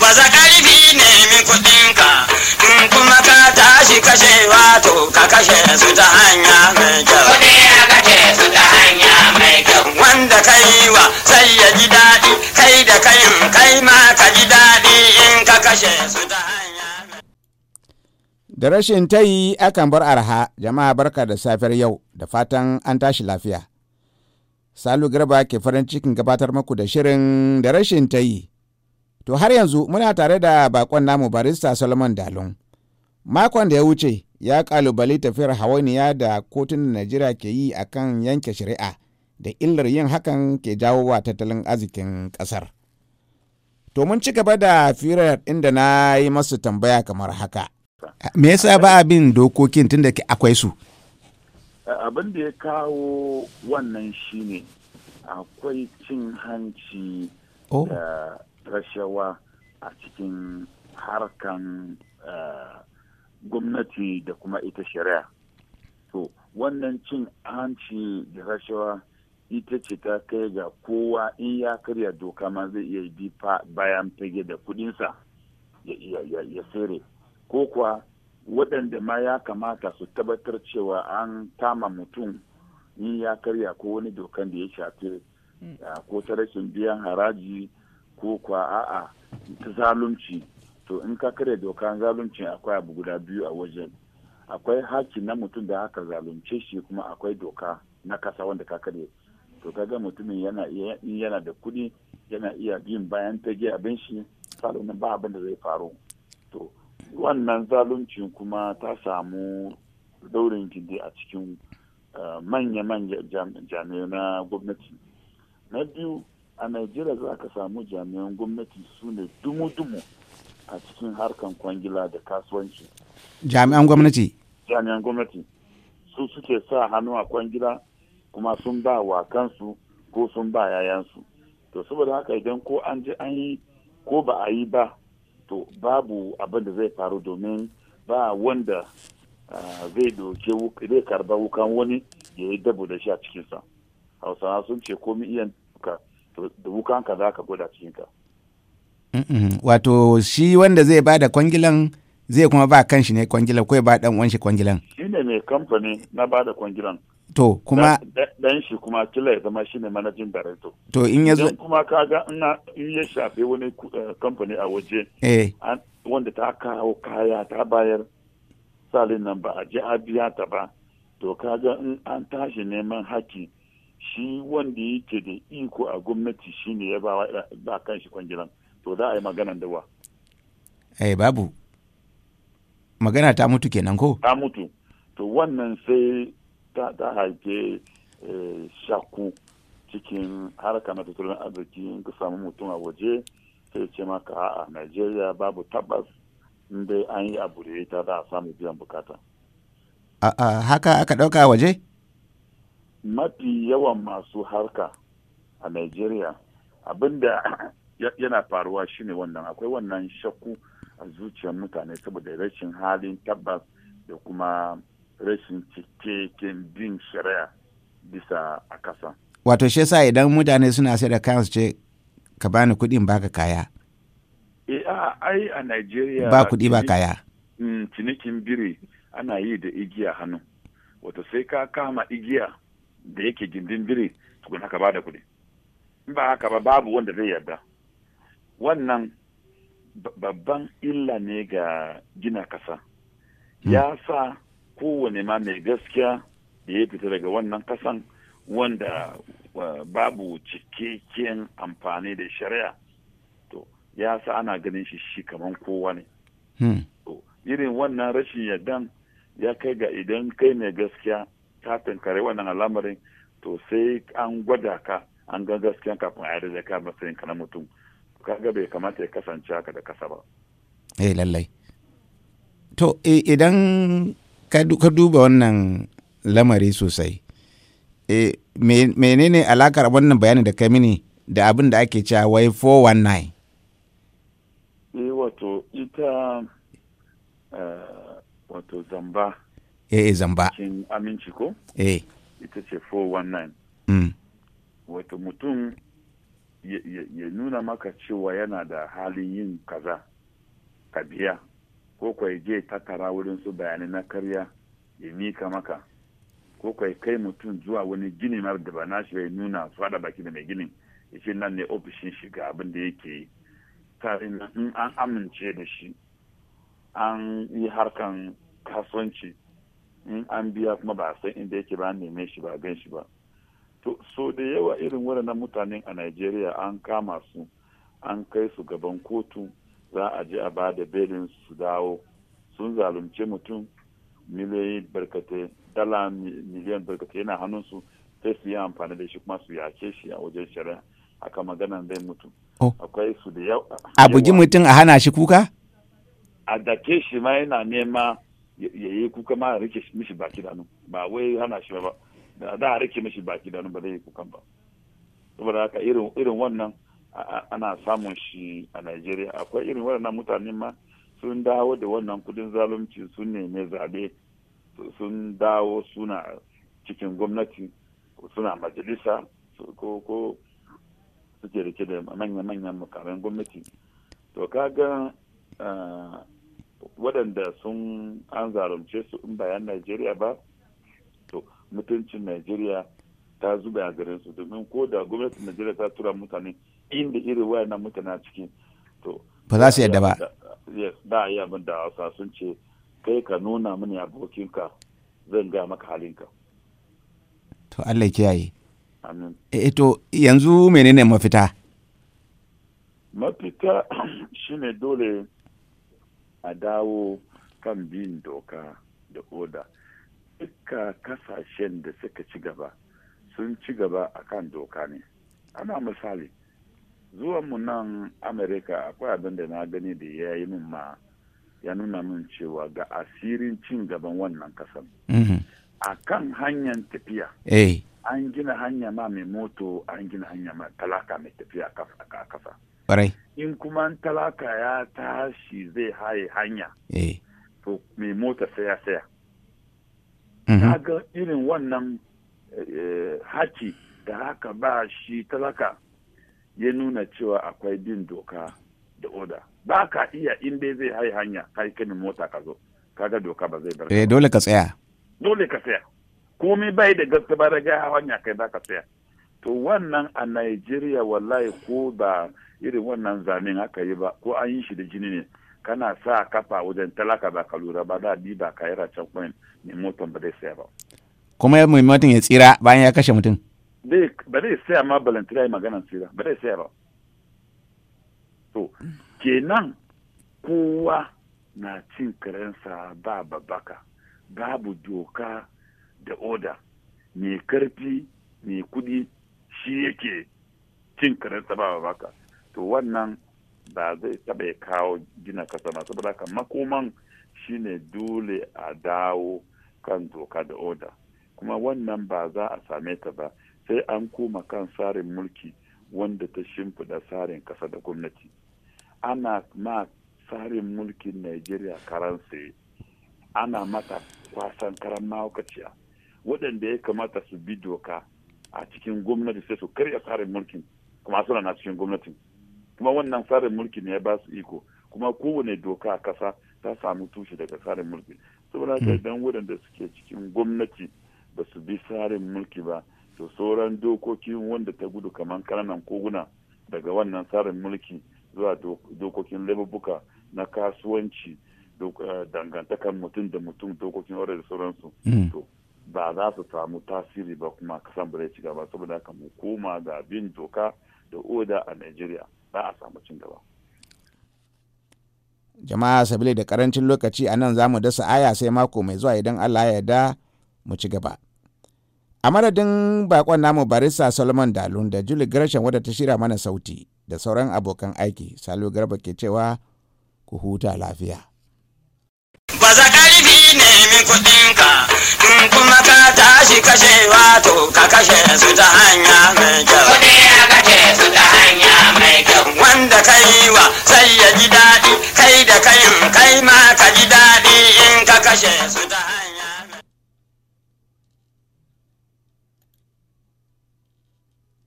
Waza ƙarfi ne min in kuma ka tashi kashe wato ka kashe su ta hanya mai kyau. Kuɗi ya su ta hanya mai kyau. Wanda ka yi wa sai ya ji daɗi, kai da kayin kai ma ka ji daɗi in ka kashe su ta hanya Da rashin tayi akan bar arha, jama'a barka da safiyar yau da fatan an tashi lafiya. Salu Garba ke farin cikin gabatar muku da shirin da rashin ta yi To har yanzu muna tare da bakon namu barista Solomon Dalun. Makon da ya wuce ya kalubali tafiyar hawainiya da kotun Najeriya ke yi a kan yanke shari'a da illar yin hakan ke jawo wa tattalin arzikin kasar To mun ci gaba da firar inda na yi masu tambaya kamar haka. Me yasa ba abin dokokin tun da akwai su? Abin da ya kawo wannan shine akwai cin hanci oh. da rashawa a cikin harkan eh, gwamnati da kuma ita shari'a to wannan cin hanci da rashawa ita ce ta kai ga kowa in ya karya doka ma zai iya bi bayan fage da kudinsa ya sere ko kuwa waɗanda ma ya kamata su tabbatar cewa an kama mutum in ya karya ko wani dokan da ya shafi mm. eh, ko ta rashin biyan haraji ko kwa a'a ta zalunci to in ka kare dokan zalunci akwai abu guda biyu a wajen akwai haki na mutum da haka zalunce shi kuma akwai doka na kasa wanda ka kare to kaga mutumin yana in yana da kuɗi yana iya yin bayan ta tage abin shi salonin ba abin da zai faru to wannan zalunci kuma ta samu daurin gindi a cikin eh, manya-manya jami'ai na gwamnati na biyu a najeriya za ka samu jami'an gwamnati su ne dumu-dumu a cikin harkan kwangila da kasuwanci jami'an gwamnati jami'an gwamnati su suke sa hannu a kwangila kuma sun ba wa kansu ko sun ba yayansu to saboda haka idan ko an ji an yi ko ba a yi ba to babu abin da zai faru domin ba wanda zai doke zai karba wukan wani ya yi dabo da shi a cikinsa hausawa sun ce komi iyan to kan ka za ka gwada cikin ka. Wato shi wanda zai ba da kwangilan zai kuma ba kan shi ne kwangilan ko ya ba dan wanshi kwangilan. Shi ne mai kamfani na ba da kwangilan. To kuma dan shi kuma kila ya zama shi ne manajin director. To in ya zo. kuma kaga in ya shafe wani eh, kamfani a waje. Eh. Wanda ta kawo kaya ta bayar salin nan ba a ji a biya ta ba. To kaga in an tashi neman hakki. shi wanda yake da iko a gwamnati shine ya ba kan shi kwangilan to za a yi maganan da wa eh babu magana ta mutu kenan ko ta mutu to wannan sai ta ta eh, shaku cikin harka na tattalin arziki in ka samu mutum a waje sai ce maka a Najeriya babu tabbas in dai an yi abu da ta za a samu biyan bukata. A haka aka ɗauka waje? mafi yawan masu harka a Najeriya abinda yana faruwa shine wannan akwai wannan shakku a zuciyar mutane saboda rashin halin tabbas da kuma rashin cikakken bin shari'a bisa a kasa. Wato shi yasa idan mutane suna sai da kayan su ce ka bani kuɗin baka kaya. Eh, a ai a Najeriya ba kuɗi ba kaya. Mm, cinikin biri ana yi da igiya hannu. Wato sai ka kama igiya da yake gindin biri tukun haka ba da kuɗi in ba haka ba babu wanda zai yarda wannan babban illa ne ga gina kasa hmm. ya sa kowane ma mai gaskiya da ya fita daga wannan kasan wanda babu cikakken amfani da shari'a to ya sa ana ganin shi shi kamar kowa ne hmm. irin wannan rashin yardan ya kai ga idan kai mai gaskiya ka tunkari wannan al'amarin to sai an gwada ka an ga gaskiya kafin a yarda ka matsayin ka na mutum ga bai kamata ya kasance haka da kasa ba eh lallai to idan ka duba wannan lamari sosai e, menene alakar wannan bayanin da ka mini da abin da ake cewa wai 419 eh wato ita eh, wato zamba Eh, eh zamba cikin aminci ko eh ita ce 419 mm. wato mutum ya nuna maka cewa yana da halin yin kaza ka biya ko kai je tattara wurin su bayanai na karya ya mika maka ko kai kai mutum zuwa wani gini mar da ba nashi ya nuna su da baki da mai ginin ya ce nan ne ofishin shiga abin da yake yi in an amince da shi an yi harkan kasuwanci in an biya kuma ba a san inda yake ba neme shi ba gan shi ba to so da yawa irin waɗannan mutanen a Najeriya an kama su an kai su gaban kotu za a je a ba da belin su dawo sun zalunce mutum miliyoyi barkate dala miliyan barkate yana hannun su sai su yi amfani da shi kuma su yace shi a wajen shari'a aka magana zai mutu oh. akwai su da yawa a bugi mutum a hana shi kuka a dake shi ma yana nema ya yi kuka ma a rike mishi baki da ba wai hana shi ba da daa a rike mishi baki da ba zai yi kukan ba saboda haka irin irin wannan ana samun shi a Najeriya akwai irin wannan mutane ma sun dawo da wannan kudin zalunci sun neme zabe sun dawo suna cikin gwamnati suna majalisa ko ko suke rike da manya-manyan mukamin gwamnati to kaga eh, waɗanda sun an zarumce su in bayan najeriya ba to mutuncin najeriya ta zuba a garin su domin ko da gwamnatin najeriya ta tura mutane inda irin wayannan mutane a ciki to ba za su yadda ba da yi abin da hausa sun ce kai ka nuna mini abokinka zan ga maka halinka to allah kiyaye amin eh to yanzu menene mafita mafita shine dole a dawo kan bin doka da oda duka kasashen da suka ci gaba sun ci gaba a kan doka ne ana misali mu nan amerika akwai abin da na gani da ya yi min ma ya nuna min cewa ga asirin cin gaban wannan kasan mhm. a kan hanyar tafiya eh. an gina hanya ma mai moto an gina hanya ma talaka mai tafiya a kasa in kuma talaka ya tashi zai haye hanya eh. to mai mota saya-saya saya mhm. ga irin wannan eh, haki da haka ba shi talaka ya nuna cewa akwai bin doka da oda ba ka iya in dai zai haye hanya kai kanin mota ka zo kaga doka ba zai bar eh dole ka tsaya dole ka tsaya komai bai da gaske ba daga hanya kai ba ka tsaya to wannan a Najeriya wallahi ko ba irin wannan zanen aka yi ba ko an yi shi da jini ne kana sa kafa wajen talaka ba ka lura ba da diba ka yi racen coin ne motan ba zai saya ba. kuma mai mutum ya tsira bayan ya kashe mutum. ba zai saya ma balantira yi magana tsira ba zai saya ba. to kenan kowa na cin karensa ba babbaka babu doka da oda mai karfi mai kudi shi yake cin karensa ba babbaka to wannan ba zai taɓa ya kawo gina kasa ba saboda haka makoman shine dole a dawo kan doka da oda kuma wannan ba za a same ta ba sai an koma kan tsarin mulki wanda ta shimfiɗa tsarin kasa da gwamnati ana ma tsarin mulkin najeriya karan sai ana mata kwasan karan mahaukaciya waɗanda ya kamata su bi doka a cikin gwamnati sai su karya tsarin mulkin kuma suna na cikin gwamnati. kuma wannan tsarin mulki ne ya ba su iko kuma kowane doka a kasa ta samu tushe daga tsarin mulki saboda haka hmm. idan waɗanda suke cikin gwamnati ba su bi tsarin mulki ba to sauran dokokin wanda ta gudu kamar kananan koguna daga wannan tsarin mulki zuwa dokokin lababuka na kasuwanci eh, dangantakan mutum da mutum dokokin wadda da sauransu hmm. to ba za su samu tasiri ba kuma kasan ba zai ci gaba saboda haka mu koma ga bin doka da oda a Najeriya. ba a samu cin gaba jama'a sabili da karancin lokaci a nan za mu dasa aya sai mako mai zuwa idan allah ya da mu ci gaba a madadin bakon namu barista solomon dalun da julie gresham wadda ta shira mana sauti da sauran abokan aiki salo garba ke cewa ku huta lafiya baza ƙarfi nemin kuɗinka kuma ka tashi kashewa to ka kashe su ta jazz.